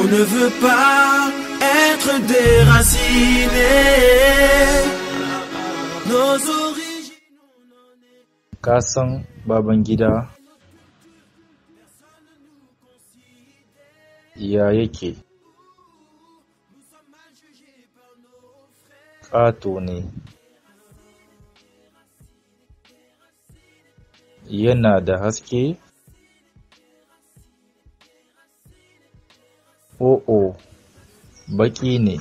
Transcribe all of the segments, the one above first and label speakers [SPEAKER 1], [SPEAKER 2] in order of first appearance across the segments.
[SPEAKER 1] On ne veut pas être déraciné. Nos origines. Kassan Babangida. Ya yake. Ƙato ne. Yana da haske. O'o baƙi ne.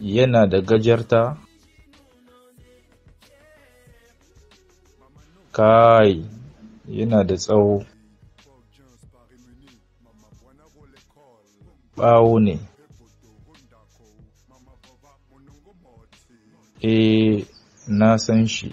[SPEAKER 1] Yana da gajarta? Kai! Yana da tsawo. Bawo ne. Eh, na san shi.